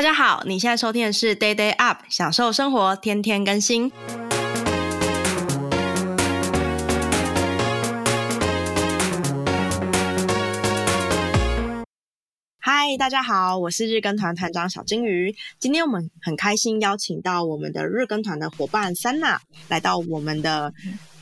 大家好，你現在收聽的是 Day Day Up，享受生活，天天更新。嗨，大家好，我是日更團團長小金魚。今天我們很開心邀請到我們的日更團的夥伴沙娜來到我們的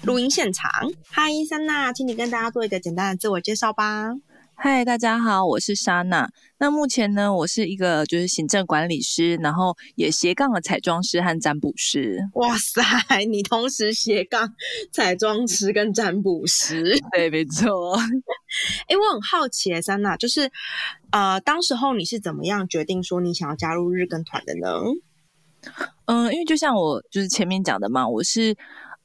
錄音現場。嗨，沙娜，請你跟大家做一個簡單的自我介紹吧。嗨，Hi, 大家好，我是沙娜。那目前呢，我是一個就是行政管理師，然後也斜槓了彩妝師和占卜師。哇塞，你同時斜槓彩妝師跟占卜師？對，沒錯。哎、 欸，我很好奇哎，沙娜，就是呃當時候你是怎麼樣決定說你想要加入日更團的呢？嗯、呃，因為就像我就是前面講的嘛，我是。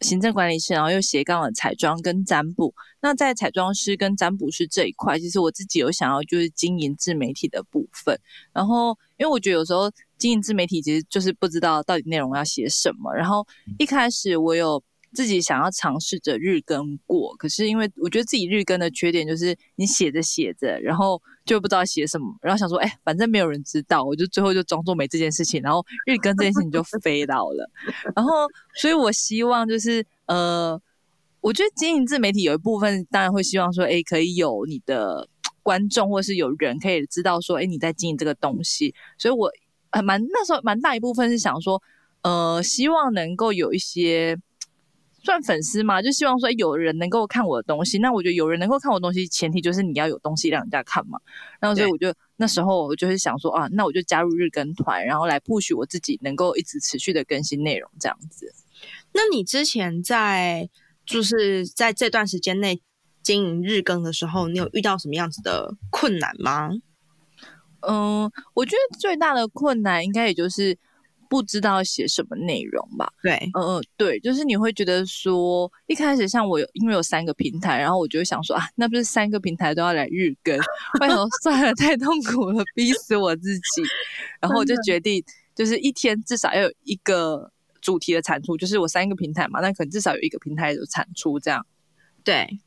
行政管理師，然後又斜槓了彩妝跟占卜。那在彩妝師跟占卜師這一塊，其實我自己有想要就是經營自媒體的部分。然後，因為我覺得有時候經營自媒體其實就是不知道到底內容要寫什麼。然後一開始我有，自己想要嘗試着日更過，可是因為我覺得自己日更的缺點就是，你寫着寫着，然後就不知道寫什麼，然後想說，欸，反正沒有人知道，我就最後就裝作沒這件事情，然後日更這件事情就飛到了。 然後，所以我希望就是，呃，我覺得經營自媒體有一部分當然會希望說，欸，可以有你的觀眾，或是有人可以知道說，欸，你在經營這個東西。所以我還蠻，呃，蠻那時候蠻大一部分是想說，呃，希望能夠有一些。算粉絲嘛，就希望說有人能夠看我的東西。那我覺得有人能夠看我的東西，前提就是你要有東西讓人家看嘛。然後所以我就對那時候我就會想說啊，那我就加入日更團，然後來 push 我自己能夠一直持續的更新內容這樣子。那你之前在就是在這段時間內經營日更的時候，你有遇到什麼樣子的困難嗎？嗯，我覺得最大的困難應該也就是。不知道寫什麼內容吧？對，嗯嗯、呃，對，就是你會覺得說，一開始像我有，因為有三個平台，然後我就想說啊，那不是三個平台都要來日更？哎呦，算了，太痛苦了， 逼死我自己。然後我就決定，的就是一天至少要有一個主題的產出，就是我三個平台嘛，那可能至少有一個平台有產出這樣。對。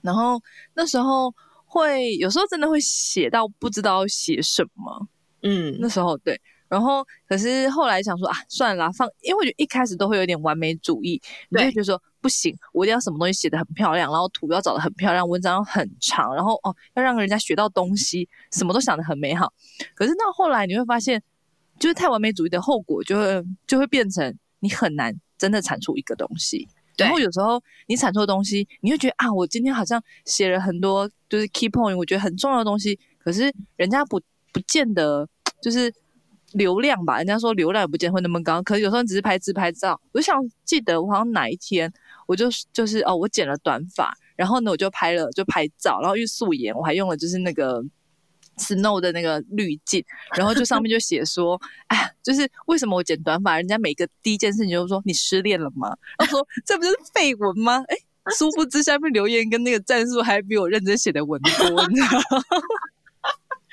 然後那時候會有時候真的會寫到不知道寫什麼，嗯，那時候對。然後，可是後來想說啊，算了，放，因為我覺得一開始都會有點完美主義，對你就會覺得說不行，我一定要什麼東西寫的很漂亮，然後圖標找的很漂亮，文章要很長，然後哦，要讓人家學到東西，什麼都想的很美好。可是到後來你會發現，就是太完美主義的後果就，就會就會變成你很難真的產出一個東西。對然後有時候你產出的東西，你會覺得啊，我今天好像寫了很多，就是 key point，我覺得很重要的東西，可是人家不不見得就是。流量吧，人家說流量也不見會那麼高，可是有時候只是拍自拍照。我就想記得我好像哪一天，我就就是哦，我剪了短髮，然後呢我就拍了就拍照，然後因為素顏我還用了就是那個 snow 的那個濾鏡，然後就上面就寫說， 哎，就是為什麼我剪短髮，人家每個第一件事情就說你失戀了嗎？然後說這不就是廢文嗎？哎，殊不知下面留言跟那個戰術還比我認真寫的文多呢，你知道嗎。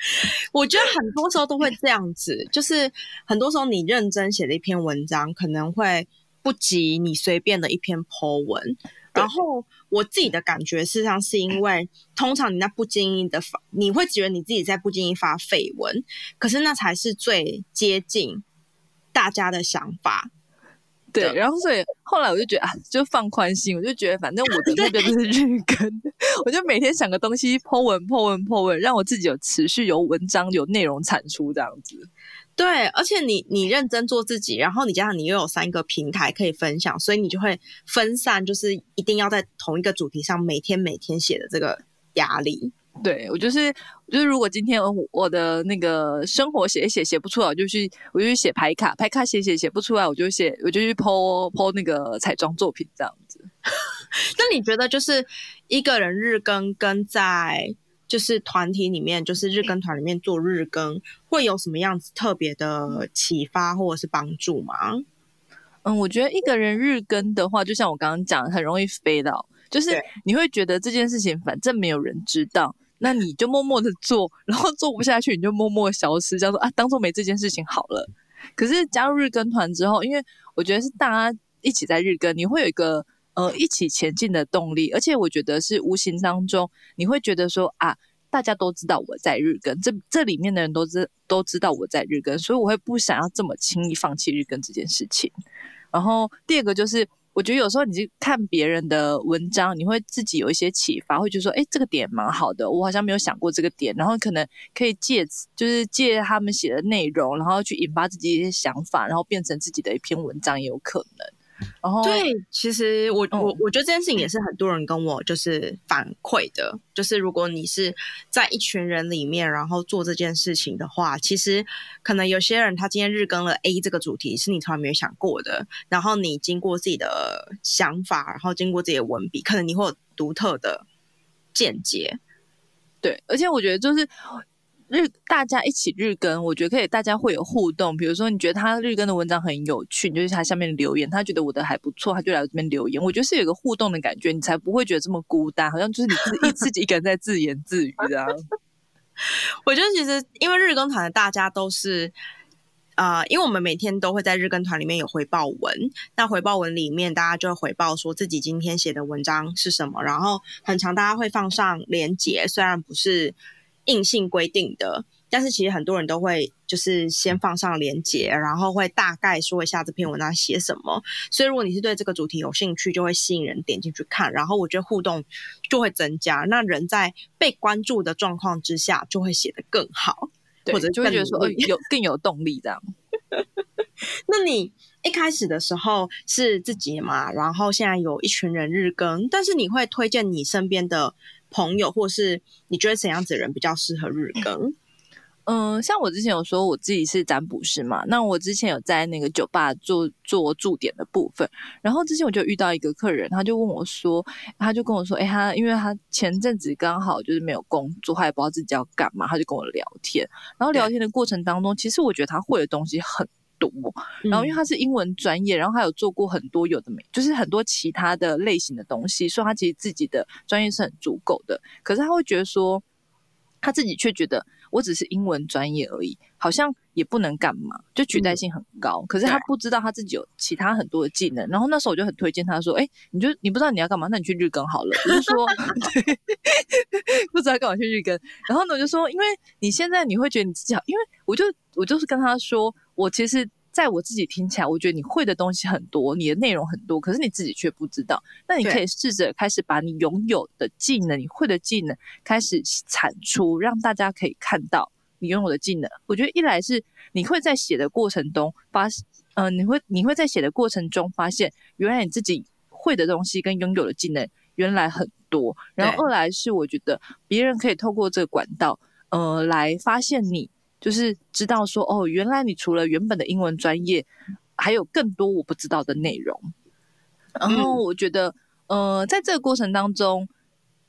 我覺得很多時候都會這樣子，就是很多時候你認真寫的一篇文章，可能會不及你隨便的一篇 po 文。然後我自己的感覺，事實上是因為通常你那不經意的發，你會覺得你自己在不經意發廢文，可是那才是最接近大家的想法。對，對，然後所以後來我就覺得啊，就放寬心，我就覺得反正我的目標就是日更，對 我就每天想個東西破文、破文、破文，讓我自己有持續有文章有內容產出這樣子。對，而且你你認真做自己，然後你加上你又有三個平台可以分享，所以你就會分散，就是一定要在同一個主題上每天每天寫的這個壓力。對，我就是，就是如果今天我的那個生活寫寫寫寫不出來，我就去我就去寫牌卡，牌卡寫寫寫寫不出來，我就寫我就去 po po 那個彩妝作品這樣子。 那你覺得就是一個人日更跟在就是團體裡面，就是日更團裡面做日更，會有什麼樣子特別的啟發或者是幫助嗎？嗯，我覺得一個人日更的話，就像我剛剛講，很容易飛到，就是你會覺得這件事情反正沒有人知道。那你就默默的做，然後做不下去，你就默默消失，這樣子啊，當做沒這件事情好了。可是加入日更團之後，因為我覺得是大家一起在日更，你會有一個呃一起前進的動力，而且我覺得是無形當中你會覺得說啊，大家都知道我在日更，這這裡面的人都知都知道我在日更，所以我會不想要這麼輕易放棄日更這件事情。然後第二個就是。我覺得有時候你去看別人的文章，你會自己有一些啟發，會覺得說：“哎，這個點蠻好的，我好像沒有想過這個點。”然後可能可以借，就是借他們寫的內容，然後去引發自己一些想法，然後變成自己的一篇文章也有可能。然後，對，其實我、哦、我我覺得這件事情也是很多人跟我就是反饋的，就是如果你是在一群人裡面，然後做這件事情的話，其實可能有些人他今天日更了 A 這個主題是你從來沒有想過的，然後你經過自己的想法，然後經過自己的文筆，可能你會有獨特的見解。對，而且我覺得就是。日大家一起日更，我覺得可以，大家會有互動。比如說，你覺得他日更的文章很有趣，你就是他下面留言，他覺得我的還不錯，他就來這邊留言。我覺得是有一個互動的感覺，你才不會覺得這麼孤單，好像就是你自己一個人在自言自語的、啊。 我覺得其實因為日更團的大家都是，啊、呃，因為我們每天都會在日更團裡面有回報文，那回報文裡面大家就會回報說自己今天寫的文章是什麼，然後很常大家會放上連結，雖然不是。硬性規定的，但是其實很多人都會，就是先放上鏈接，然後會大概說一下這篇文章寫什麼。所以如果你是對這個主題有興趣，就會吸引人點進去看，然後我覺得互動就會增加。那人在被關注的狀況之下，就會寫得更好，對或者更就會覺得說有 更有動力這樣。 那你一開始的時候是自己嘛，然後現在有一群人日更，但是你會推薦你身邊的？朋友，或是你覺得怎樣子的人比較適合日更？嗯、呃，像我之前有說我自己是占卜師嘛，那我之前有在那個酒吧做做駐點的部分，然後之前我就遇到一個客人，他就問我說，他就跟我說，哎、欸，他因為他前陣子剛好就是沒有工作，他也不知道自己要幹嘛，他就跟我聊天，然後聊天的過程當中，對其實我覺得他會的東西很。讀，然後因為他是英文專業，然後他有做過很多有的沒，就是很多其他的類型的東西，所以他其實自己的專業是很足夠的。可是他會覺得說，他自己卻覺得我只是英文專業而已，好像也不能幹嘛，就取代性很高。嗯、可是他不知道他自己有其他很多的技能。對然後那時候我就很推薦他說：“哎，你就你不知道你要幹嘛，那你去日更好了。 我就”我就說不知道幹嘛去日更’。然後呢，我就說，因為你現在你會覺得你自己，好’，因為我就我就是跟他說。我其實在我自己聽起來，我覺得你會的東西很多，你的內容很多，可是你自己卻不知道。那你可以試着開始把你擁有的技能、對你會的技能開始產出，讓大家可以看到你擁有的技能。我覺得一來是你會在寫的過程中發，嗯、呃，你會你會在寫的過程中發現，原來你自己會的東西跟擁有的技能原來很多。然後二來是我覺得別人可以透過這個管道，呃，來發現你。就是知道說哦，原來你除了原本的英文專業，還有更多我不知道的內容。然後我覺得，嗯、呃，在這個過程當中，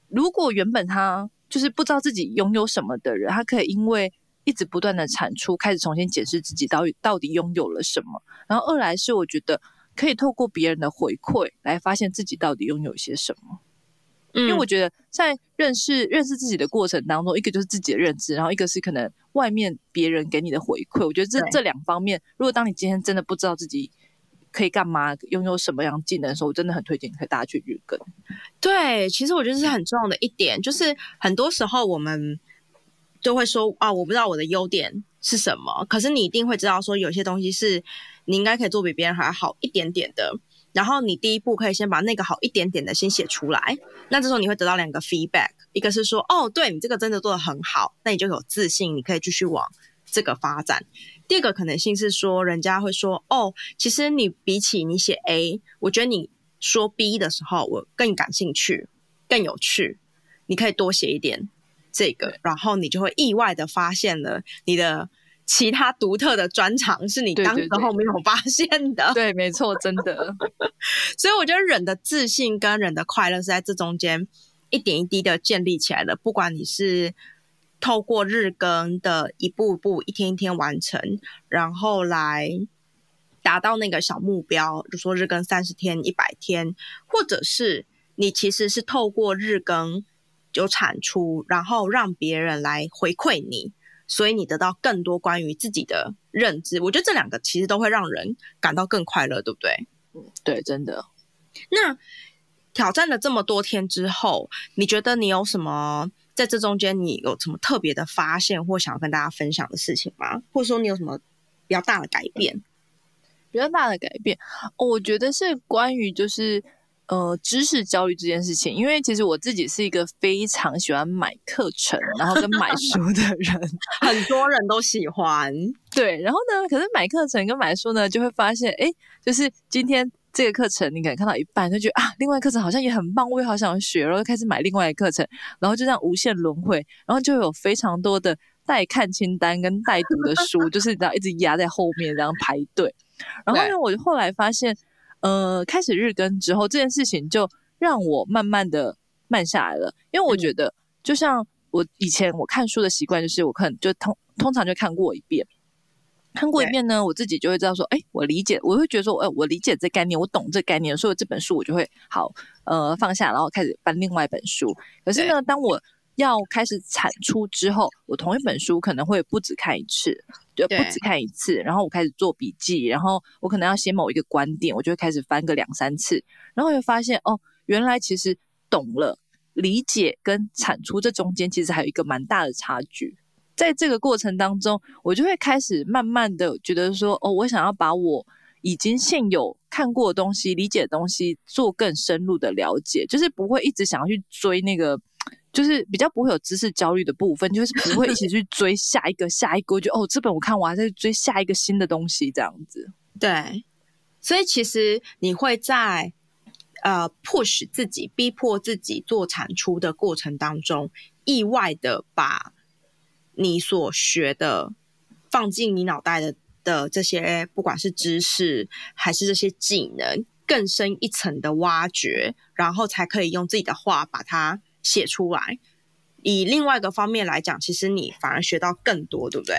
如果原本他就是不知道自己擁有什麼的人，他可以因為一直不斷的產出，開始重新解釋自己到底到底擁有了什麼。然後二來是我覺得可以透過別人的回饋來發現自己到底擁有些什麼。因為我覺得在認識、嗯、認識自己的過程當中，一個就是自己的認知，然後一個是可能外面別人給你的回饋。我覺得這對這兩方面，如果當你今天真的不知道自己可以幹嘛，擁有什麼樣技能的時候，我真的很推薦你可以大家去日更。對，其實我覺得是很重要的一點，就是很多時候我們就會說啊，我不知道我的優點是什麼，可是你一定會知道說，有些東西是你應該可以做比別人還好一點點的。然後你第一步可以先把那個好一點點的先寫出來，那這時候你會得到兩個 feedback，一個是說，哦，對你這個真的做得很好，那你就有自信，你可以繼續往這個發展。第二個可能性是說，人家會說，哦，其實你比起你寫 A，我覺得你說 B 的時候，我更感興趣，更有趣，你可以多寫一點這個，然後你就會意外的發現了你的。其他獨特的專長是你當時候沒有發現的。對，對，對，對。 對，沒錯，真的。 所以我覺得人的自信跟人的快樂是在這中間一點一滴的建立起來的。不管你是透過日更的一步一步、一天一天完成，然後來達到那個小目標，比如說日更三十天、一百天，或者是你其實是透過日更就產出，然後讓別人來回饋你。所以你得到更多關於自己的認知，我覺得這兩個其實都會讓人感到更快樂，對不對？嗯，對，真的。那挑戰了這麼多天之後，你覺得你有什麼在這中間你有什麼特別的發現或想跟大家分享的事情嗎？或者說你有什麼比較大的改變？嗯，比較大的改變，我覺得是關於就是。呃，知識焦慮這件事情，因為其實我自己是一個非常喜歡買課程， 然後跟買書的人， 很多人都喜歡。對，然後呢，可是買課程跟買書呢，就會發現，哎，就是今天這個課程你可能看到一半，就覺得啊，另外課程好像也很棒，我也好想學，然後就開始買另外的課程，然後就這樣無限輪回，然後就有非常多的待看清單跟待讀的書， 就是你知道一直壓在後面然後排隊。然後呢，對我後來發現。呃，開始日更之後，這件事情就讓我慢慢的慢下來了。因為我覺得，就像我以前我看書的習慣，就是我可能就通通常就看過一遍。看過一遍呢，我自己就會知道說，哎、欸，我理解，我會覺得說，哎、欸，我理解這概念，我懂這概念，所以這本書我就會好呃放下，然後開始翻另外一本書。可是呢，當我要開始產出之後，我同一本書可能會不止看一次。就不只看一次，對然後我開始做筆記，然後我可能要寫某一個觀點，我就會開始翻個兩三次，然後又發現哦，原來其實懂了，理解跟產出這中間其實還有一個蠻大的差距。在這個過程當中，我就會開始慢慢的覺得說，哦，我想要把我已經現有看過的東西、理解的東西做更深入的了解，就是不會一直想要去追那個。就是比較不會有知識焦慮的部分，就是不會一起去追下一個、 下一個就哦，這本我看完再去追下一個新的東西這樣子。對，所以其實你會在呃，迫使自己、逼迫自己做產出的過程當中，意外的把你所學的放進你腦袋的的這些，不管是知識還是這些技能，更深一層的挖掘，然後才可以用自己的話把它。寫出來，以另外一個方面來講，其實你反而學到更多，對不對？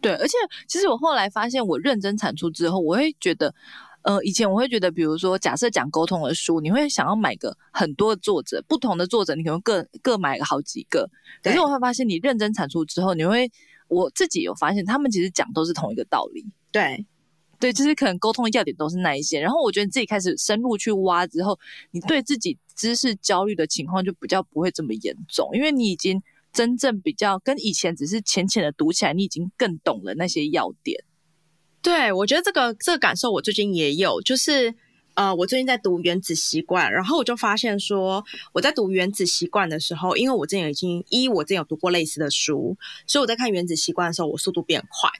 對，而且其實我後來發現，我認真產出之後，我會覺得，呃，以前我會覺得，比如說假設講溝通的書，你會想要買個很多作者，不同的作者，你可能各各買個好幾個。對可是我會發現，你認真產出之後，你會，我自己有發現，他們其實講都是同一個道理。對，對，就是可能溝通的要點都是那一些。然後我覺得你自己開始深入去挖之後，你對自己對。知識焦慮的情況就比較不會這麼嚴重，因為你已經真正比較跟以前只是淺淺的讀起來，你已經更懂了那些要點。對，我覺得這個這個感受我最近也有，就是呃，我最近在讀《原子習慣》，然後我就發現說，我在讀《原子習慣》的時候，因為我之前已經一，依我之前有讀過類似的書，所以我在看《原子習慣》的時候，我速度變快。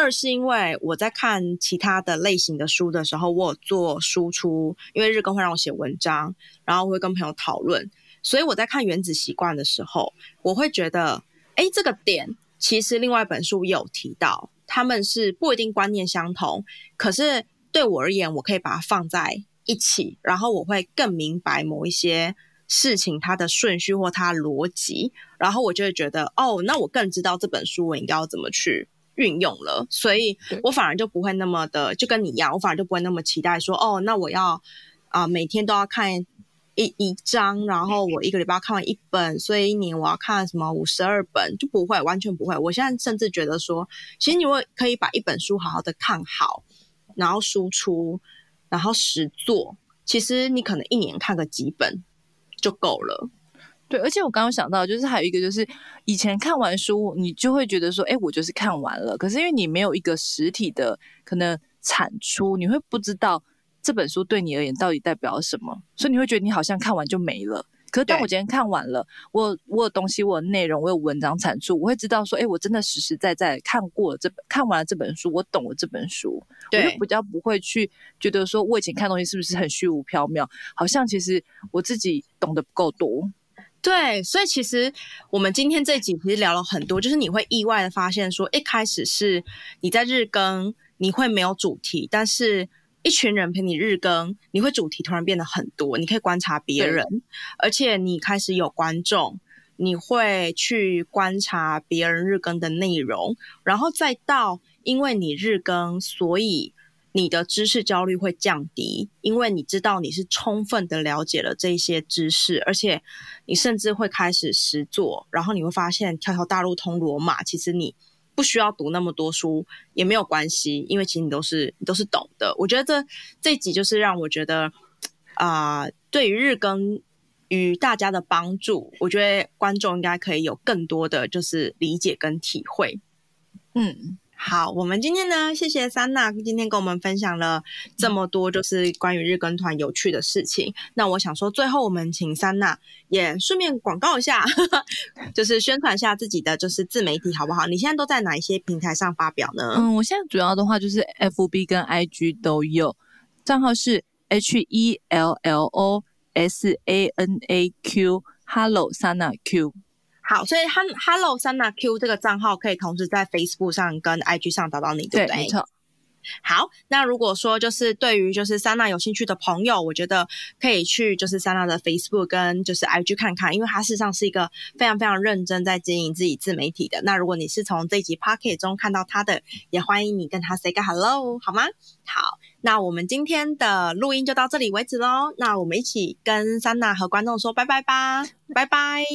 二是因為我在看其他的類型的書的時候，我有做輸出，因為日更會讓我寫文章，然後會跟朋友討論，所以我在看《原子習慣》的時候，我會覺得，哎，這個點其實另外一本書也有提到，他們是不一定觀念相同，可是對我而言，我可以把它放在一起，然後我會更明白某一些事情它的順序或它邏輯，然後我就會覺得，哦，那我更知道這本書我應該要怎麼去。運用了，所以我反而就不會那麼的，就跟你一樣，我反而就不會那麼期待說，哦，那我要啊、呃、每天都要看一一章，然後我一個禮拜要看完一本，所以一年我要看什麼五十二本，就不會，完全不會。我現在甚至覺得說，其實你會可以把一本書好好的看好，然後輸出，然後實作，其實你可能一年看個幾本就夠了。對，而且我剛剛想到，就是還有一個，就是以前看完書，你就會覺得說，哎、欸，我就是看完了。可是因為你沒有一個實體的可能產出，你會不知道這本書對你而言到底代表什麼，所以你會覺得你好像看完就沒了。可是當我今天看完了，對我我有東西，我有內容，我有文章產出，我會知道說，哎、欸，我真的實實在在，在看過了這本看完了這本書，我懂了這本書。對我就比較不會去覺得說，我以前看東西是不是很虛無縹緲，好像其實我自己懂得不夠多。對，所以其實我們今天這集其實聊了很多，就是你會意外的發現，說一開始是你在日更，你會沒有主題，但是一群人陪你日更，你會主題突然變得很多，你可以觀察別人，對而且你開始有觀眾，你會去觀察別人日更的內容，然後再到因為你日更，所以。你的知識焦慮會降低，因為你知道你是充分的了解了這些知識，而且你甚至會開始實作。然後你會發現，條條大路通羅馬，其實你不需要讀那麼多書也沒有關係，因為其實你都是你都是懂的。我覺得這這集就是讓我覺得啊、呃，對於日更與大家的幫助，我覺得觀眾應該可以有更多的就是理解跟體會，嗯。好，我們今天呢，謝謝沙娜今天跟我們分享了這麼多，就是關於日更團有趣的事情。嗯、那我想說，最後我們請沙娜也順便廣告一下， 就是宣傳下自己的，就是自媒體好不好？你現在都在哪一些平台上發表呢？嗯，我現在主要的話就是 F B 跟 I G 都有，賬號是 H E L L O S A N A Q，Hello，Sana Q。好，所以哈，Hello Sana Q 這個賬號可以同時在 Facebook 上跟 IG 上找到你，對不對？對，沒錯。好，那如果說就是對於就是 Sana 有興趣的朋友，我覺得可以去就是 Sana 的 Facebook 跟就是 IG 看看，因為他事實上是一個非常非常認真在經營自己自媒體的。那如果你是從這一集 Podcast 中看到他的，也歡迎你跟他 say 個 hello，好嗎？好，那我們今天的錄音就到這裡為止嘍。那我們一起跟 Sana 和觀眾說拜拜吧，拜拜。拜拜。